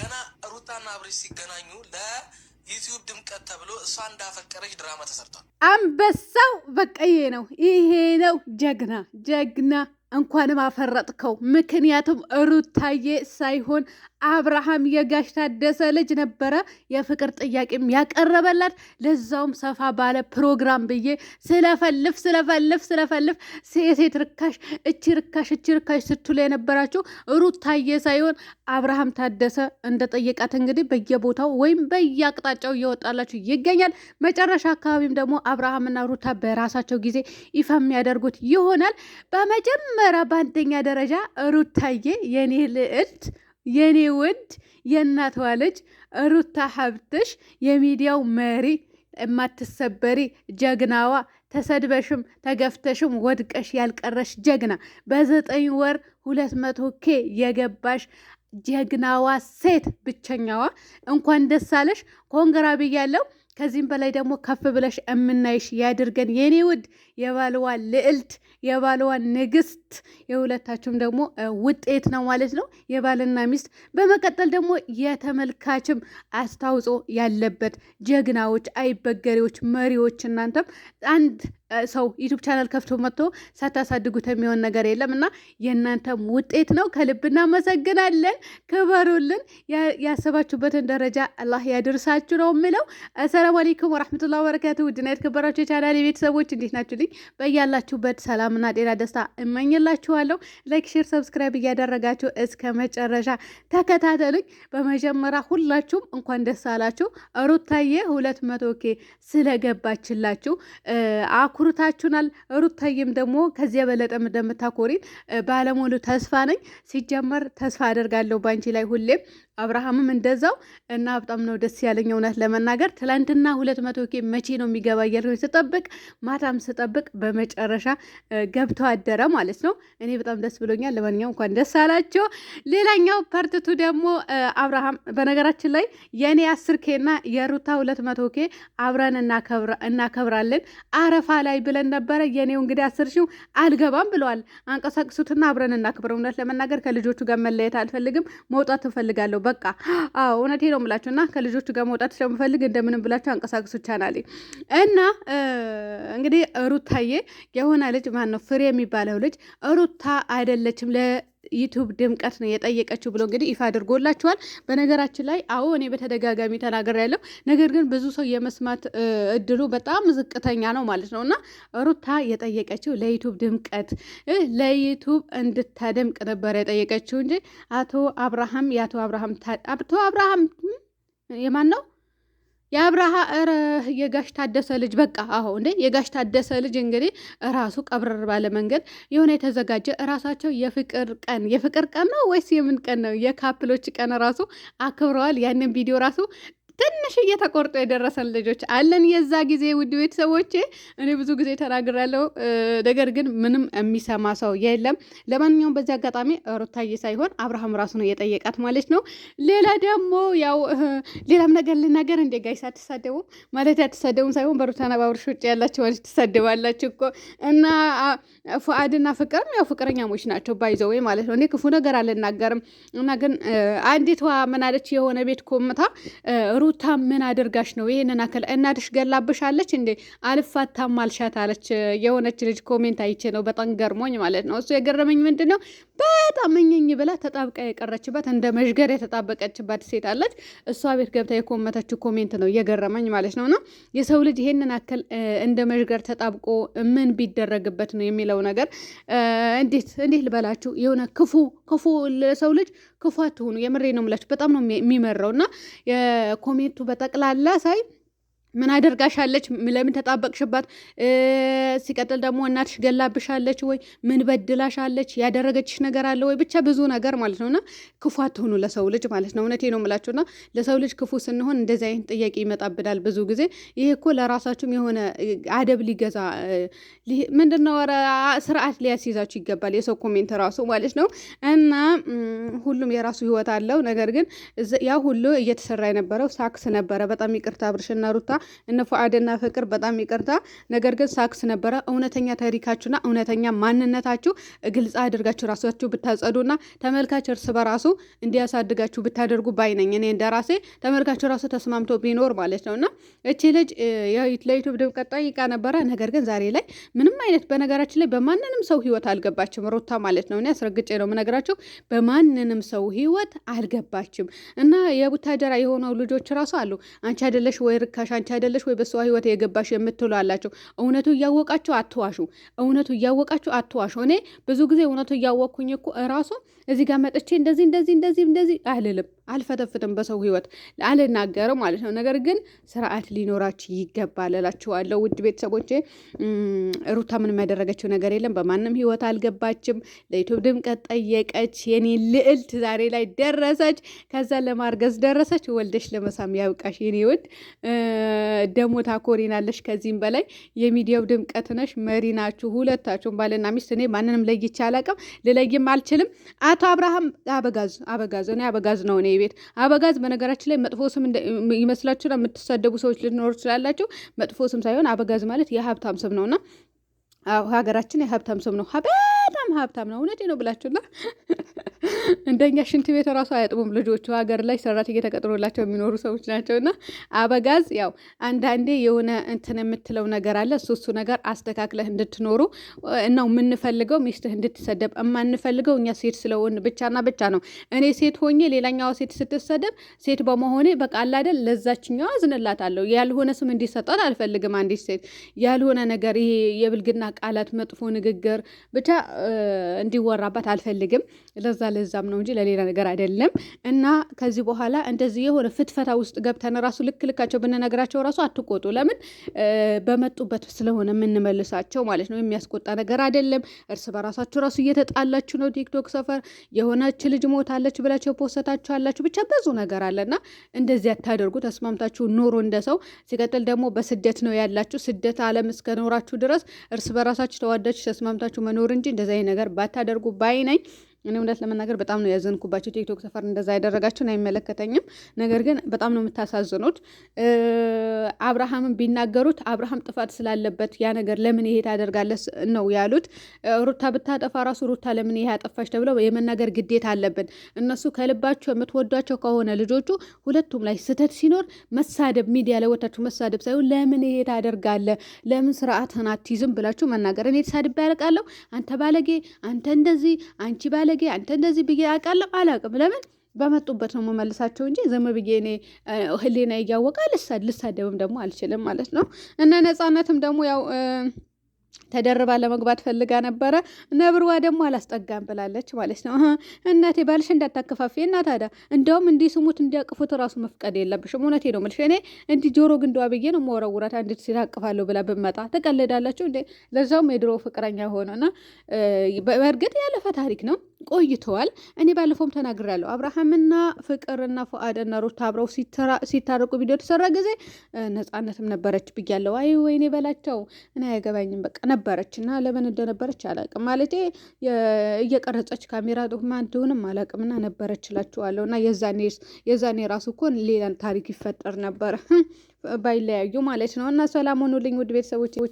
ገና ሩታና አብሬሽ ሲገናኙ ለዩቲዩብ ድምቀት ተብሎ እሷ እንዳፈቀረች ድራማ ተሰርቷል። አንበሳው በቀዬ ነው። ይሄ ነው ጀግና ጀግና። እንኳንም አፈረጥከው። ምክንያቱም ሩታዬ ሳይሆን አብርሃም የጋሽ ታደሰ ልጅ ነበረ የፍቅር ጥያቄም ያቀረበላት ለዛውም ሰፋ ባለ ፕሮግራም ብዬ ስለፈልፍ ስለፈልፍ ስለፈልፍ ሴሴት ርካሽ እቺ ርካሽ እቺ ርካሽ ስትሉ የነበራችሁ ሩታዬ ሳይሆን አብርሃም ታደሰ እንደጠየቃት እንግዲህ በየቦታው ወይም በየአቅጣጫው እየወጣላችሁ ይገኛል። መጨረሻ አካባቢም ደግሞ አብርሃምና ሩታ በራሳቸው ጊዜ ይፋ የሚያደርጉት ይሆናል። በመጀመሪያ በአንደኛ ደረጃ ሩታዬ የኔ ልዕልት የኔ ውድ የእናትዋ ልጅ ሩታ ሀብትሽ የሚዲያው መሪ የማትሰበሪ ጀግናዋ ተሰድበሽም ተገፍተሽም ወድቀሽ ያልቀረሽ ጀግና በዘጠኝ ወር ሁለት መቶ ኬ የገባሽ ጀግናዋ ሴት ብቸኛዋ እንኳን ደስ አለሽ። ኮንግራ ብያለሁ። ከዚህም በላይ ደግሞ ከፍ ብለሽ እምናይሽ ያድርገን የኔ ውድ የባልዋ ልዕልት የባልዋ ንግስት፣ የሁለታችሁም ደግሞ ውጤት ነው ማለት ነው የባልና ሚስት። በመቀጠል ደግሞ የተመልካችም አስተዋጽኦ ያለበት ጀግናዎች፣ አይበገሬዎች፣ መሪዎች እናንተም አንድ ሰው ዩቱብ ቻናል ከፍቶ መጥቶ ሳታሳድጉት የሚሆን ነገር የለም እና የእናንተም ውጤት ነው። ከልብ እናመሰግናለን። ክበሩልን። ያሰባችሁበትን ደረጃ አላህ ያድርሳችሁ ነው የምለው። አሰላሙ አሌይኩም ወራህመቱላ ወበረካቱ። ውድና የተከበራችሁ የቻናል የቤተሰቦች እንዴት ናችሁ? ልኝ በያላችሁበት ሰላምና ጤና ደስታ እመኝላችኋለሁ። ላይክ፣ ሼር፣ ሰብስክራይብ እያደረጋችሁ እስከ መጨረሻ ተከታተሉኝ። በመጀመሪያ ሁላችሁም እንኳን ደስ አላችሁ ሩታዬ ሁለት መቶ ኬ ስለገባችላችሁ አኩርታችሁናል። ሩታዬም ደግሞ ከዚህ የበለጠ እንደምታኮሪን ባለሙሉ ተስፋ ነኝ። ሲጀመር ተስፋ አደርጋለሁ ባንቺ ላይ ሁሌም አብርሃምም እንደዛው እና በጣም ነው ደስ ያለኝ እውነት ለመናገር ትላንትና ሁለት መቶ ኬ መቼ ነው የሚገባ እያለ ስጠብቅ ማታም ስጠብቅ በመጨረሻ ገብቶ አደረ ማለት ነው። እኔ በጣም ደስ ብሎኛል። ለማንኛውም እንኳን ደስ አላቸው። ሌላኛው ፓርትቱ ደግሞ አብርሃም በነገራችን ላይ የእኔ አስር ኬና የሩታ ሁለት መቶ ኬ አብረን እናከብራለን አረፋ በላይ ብለን ነበረ። የኔው እንግዲህ አስር ሺው አልገባም ብለዋል። አንቀሳቅሱትና አብረን እናክብር። እውነት ለመናገር ከልጆቹ ጋር መለየት አልፈልግም፣ መውጣት እፈልጋለሁ። በቃ አዎ፣ እውነቴ ነው የምላችሁ እና ከልጆቹ ጋር መውጣት ስለምፈልግ እንደምንም ብላችሁ አንቀሳቅሱ ቻናሌ እና እንግዲህ ሩታዬ የሆነ ልጅ ማን ነው ፍሬ የሚባለው ልጅ ሩታ አይደለችም ዩቱብ ድምቀት ነው የጠየቀችው ብሎ እንግዲህ ይፋ አድርጎላችኋል። በነገራችን ላይ አዎ እኔ በተደጋጋሚ ተናገር ያለው ነገር ግን ብዙ ሰው የመስማት እድሉ በጣም ዝቅተኛ ነው ማለት ነው እና ሩታ የጠየቀችው ለዩቱብ ድምቀት ለዩቱብ እንድታደምቅ ነበር የጠየቀችው እንጂ አቶ አብርሃም የአቶ አብርሃም አቶ አብርሃም የማን ነው? የአብርሃ ረ የጋሽ ታደሰ ልጅ በቃ አሁ እንደ የጋሽ ታደሰ ልጅ እንግዲህ ራሱ ቀብረር ባለ መንገድ የሆነ የተዘጋጀ ራሳቸው የፍቅር ቀን የፍቅር ቀን ነው ወይስ የምን ቀን ነው? የካፕሎች ቀን ራሱ አክብረዋል። ያንን ቪዲዮ ራሱ ትንሽ እየተቆርጦ የደረሰን ልጆች አለን። የዛ ጊዜ ውድ ቤተሰቦቼ እኔ ብዙ ጊዜ ተናግራለሁ፣ ነገር ግን ምንም የሚሰማ ሰው የለም። ለማንኛውም በዚህ አጋጣሚ ሩታዬ ሳይሆን አብርሃም ራሱ ነው የጠየቃት ማለት ነው። ሌላ ደግሞ ያው ሌላም ነገር ልናገር እንዴ ጋይስ፣ አትሳደቡ ማለት አትሳደቡም ሳይሆን በሩታና ባብርሽ ውጭ ያላቸው ማለት ትሳደባላችሁ እኮ እና ፍአድና ፍቅርም ያው ፍቅረኛሞች ናቸው ባይዘው ማለት ነው። እኔ ክፉ ነገር አልናገርም እና ግን አንዲቷ ምን አለች የሆነ ቤት ኮምታ ሩታ ምን አድርጋሽ ነው ይህንን አከል እናትሽ ገላብሻለች እንዴ? አልፋታም አልሻት አለች የሆነች ልጅ ኮሜንት አይቼ ነው በጣም ገርሞኝ ማለት ነው። እሱ የገረመኝ ምንድን ነው በጣም እኝኝ ብላ ተጣብቃ የቀረችበት እንደ መዥገር የተጣበቀችባት ሴት አለች። እሷ ቤት ገብታ የኮመተችው ኮሜንት ነው የገረመኝ ማለት ነው። እና የሰው ልጅ ይሄንን አከል እንደ መዥገር ተጣብቆ ምን ቢደረግበት ነው የሚለው ነገር እንዴት እንዴት ልበላችሁ የሆነ ክፉ ክፉ ለሰው ልጅ ክፉ አትሆኑ። የምሬ ነው የምላችሁ በጣም ነው የሚመራው እና ኮሜንቱ በጠቅላላ ሳይ ምን አደርጋሻለች? ለምን ተጣበቅሽባት? ሲቀጥል ደግሞ እናትሽ ገላብሻለች ወይ? ምን በድላሻለች? ያደረገችሽ ነገር አለ ወይ? ብቻ ብዙ ነገር ማለት ነውና ክፉ አትሆኑ ለሰው ልጅ ማለት ነው። እውነቴ ነው የምላችሁና ለሰው ልጅ ክፉ ስንሆን እንደዚህ አይነት ጥያቄ ይመጣብናል ብዙ ጊዜ። ይሄ እኮ ለራሳችሁም የሆነ አደብ ሊገዛ ምንድነው ስርዓት ሊያስይዛችሁ ይገባል። የሰው ኮሜንት ራሱ ማለት ነው። እና ሁሉም የራሱ ህይወት አለው። ነገር ግን ያ ሁሉ እየተሰራ የነበረው ሳክስ ነበረ። በጣም ይቅርታ አብርሽና ሩታ እነ ፉአድና ፍቅር በጣም ይቅርታ፣ ነገር ግን ሳክስ ነበረ። እውነተኛ ታሪካችሁና እውነተኛ ማንነታችሁ ግልጽ አድርጋችሁ ራሳችሁ ብታጸዱና ተመልካች እርስ በራሱ እንዲያሳድጋችሁ ብታደርጉ ባይነኝ እኔ እንደራሴ ተመልካች ራሱ ተስማምቶ ቢኖር ማለት ነው። እና እቺ ልጅ ለዩቱብ ድምቀት ጠይቃ ነበረ። ነገር ግን ዛሬ ላይ ምንም አይነት በነገራችን ላይ በማንንም ሰው ህይወት አልገባችም ሩታ ማለት ነው። እኔ አስረግጬ ነው የምነግራችሁ በማንንም ሰው ህይወት አልገባችም። እና የቡታጀራ የሆነው ልጆች ራሱ አሉ አንቺ አይደለሽ ወይ ርካሽ አንቺ አንቺ አይደለሽ ወይ በሷ ህይወት የገባሽ የምትሉ አላቸው። እውነቱ እያወቃችሁ አትዋሹ። እውነቱ እያወቃችሁ አትዋሹ። እኔ ብዙ ጊዜ እውነቱ እያወቅኩኝ እኮ እራሱ እዚህ ጋር መጥቼ እንደዚህ እንደዚህ እንደዚህ እንደዚህ አልልም። አልፈተፍትም በሰው ህይወት አልናገርም ማለት ነው። ነገር ግን ስርዓት ሊኖራችሁ ይገባል እላችኋለሁ ውድ ቤተሰቦቼ። ሩታ ምንም ያደረገችው ነገር የለም። በማንም ህይወት አልገባችም። ለኢትዮጵያ ድምቀት ጠየቀች። የኔ ልዕልት ዛሬ ላይ ደረሰች። ከዛ ለማርገዝ ደረሰች። ወልደሽ ለመሳም ያብቃሽ የኔ ውድ። ደሞ ታኮሪናለሽ ከዚህም በላይ የሚዲያው ድምቀት ነሽ። መሪ ናችሁ ሁለታችሁም ባልና ሚስት። እኔ ማንንም ለይቼ አላውቅም፣ ልለይም አልችልም። አቶ አብርሃም አበጋዝ አበጋዝ እኔ አበጋዝ ነው እኔ ቤት አበጋዝ። በነገራችን ላይ መጥፎ ስም ይመስላችሁ የምትሳደቡ ሰዎች ልኖሩ ትችላላችሁ። መጥፎ ስም ሳይሆን አበጋዝ ማለት የሀብታም ስም ነውና ሀገራችን የሀብታም ስም ነው። በጣም ሀብታም ነው። እውነቴ ነው ብላችሁና እንደኛ ሽንት ቤት ራሱ አያጥቡም ልጆቹ። ሀገር ላይ ሰራተኛ እየተቀጥሮላቸው የሚኖሩ ሰዎች ናቸው። እና አበጋዝ ያው አንዳንዴ የሆነ እንትን የምትለው ነገር አለ። እሱ ነገር አስተካክለህ እንድትኖሩ ነው የምንፈልገው። ሚስትህ እንድትሰደብ የማንፈልገው እኛ ሴት ስለሆን ብቻና ብቻ ነው። እኔ ሴት ሆኜ ሌላኛዋ ሴት ስትሰደብ ሴት በመሆኔ በቃ አይደል ለዛችኛዋ አዝንላታለሁ። ያልሆነ ስም እንዲሰጣት አልፈልግም። አንዲት ሴት ያልሆነ ነገር ይሄ የብልግና ቃላት፣ መጥፎ ንግግር ብቻ እንዲወራባት አልፈልግም። ለዛ ለዛም ነው እንጂ ለሌላ ነገር አይደለም። እና ከዚህ በኋላ እንደዚህ የሆነ ፍትፈታ ውስጥ ገብተን ራሱ ልክ ልካቸው ብንነግራቸው ራሱ አትቆጡ። ለምን በመጡበት ስለሆነ የምንመልሳቸው ማለት ነው። የሚያስቆጣ ነገር አይደለም። እርስ በራሳችሁ ራሱ እየተጣላችሁ ነው። ቲክቶክ ሰፈር የሆነች ልጅ ሞታለች ብላቸው ፖሰታችሁ አላችሁ። ብቻ ብዙ ነገር አለና እንደዚህ አታደርጉ። ተስማምታችሁ ኖሮ እንደ ሰው። ሲቀጥል ደግሞ በስደት ነው ያላችሁ። ስደት አለም እስከኖራችሁ ድረስ እርስ በራሳችሁ ተዋዳችሁ ተስማምታችሁ መኖር እንጂ እንደዚህ ነገር ባታደርጉ ባይ ነኝ። እኔ እውነት ለመናገር በጣም ነው ያዘንኩባቸው። ቲክቶክ ሰፈር እንደዛ ያደረጋቸውን አይመለከተኝም። ነገር ግን በጣም ነው የምታሳዝኑት። አብርሃምን ቢናገሩት አብርሃም ጥፋት ስላለበት ያ ነገር ለምን ይሄ ታደርጋለስ ነው ያሉት። ሩታ ብታጠፋ ራሱ ሩታ ለምን ይሄ አጠፋች ተብለው የመናገር ግዴታ አለብን። እነሱ ከልባቸው የምትወዷቸው ከሆነ ልጆቹ ሁለቱም ላይ ስህተት ሲኖር መሳደብ፣ ሚዲያ ለወታችሁ መሳደብ ሳይሆን ለምን ይሄ ታደርጋለ፣ ለምን ስርዓትህን አትይዝም ብላችሁ መናገር። እኔ ተሳድቤ ያልቃለሁ፣ አንተ ባለጌ፣ አንተ እንደዚህ፣ አንቺ ባለ ባለጌ፣ አንተ እንደዚህ ብዬ አውቃለሁ አላውቅም። ለምን በመጡበት ነው መመልሳቸው እንጂ ዝም ብዬ እኔ ህሌና እያወቀ ልሳደብም ደግሞ አልችልም ማለት ነው። እና ነፃነትም ደግሞ ያው ተደርባ ለመግባት ፈልጋ ነበረ። ነብርዋ ደግሞ አላስጠጋም ብላለች ማለት ነው። እናቴ ባልሽ እንዳታከፋፊ እና ታዲያ እንደውም እንዲህ ስሙት እንዲያቅፉት ራሱ መፍቀድ የለብሽም። እውነቴ ነው የምልሽ። እኔ እንዲህ ጆሮ ግንዷ ብዬ ነው መወረውራት። አንዲት ሴት አቅፋለሁ ብላ ብመጣ ትቀልዳላችሁ እንዴ? ለዛውም የድሮ ፍቅረኛ ሆነና በእርግጥ ያለፈ ታሪክ ነው ቆይተዋል። እኔ ባለፈውም ተናግሬያለሁ። አብርሃምና ፍቅርና ፉአድና ሩት አብረው ሲታረቁ ቪዲዮ የተሰራ ጊዜ ነፃነትም ነበረች ብያለሁ። አይ ወይኔ በላቸው እኔ አያገባኝም በቃ ነበረች እና ለምን እንደነበረች አላቅም። ማለቴ እየቀረጸች ካሜራ ማን ትሆንም አላቅም እና ነበረች እላችኋለሁ። እና የዛኔ ራሱ እኮ ሌላን ታሪክ ይፈጠር ነበር ባይለያዩ ማለት ነው። እና ሰላም ሆኑልኝ ውድ ቤተሰቦች።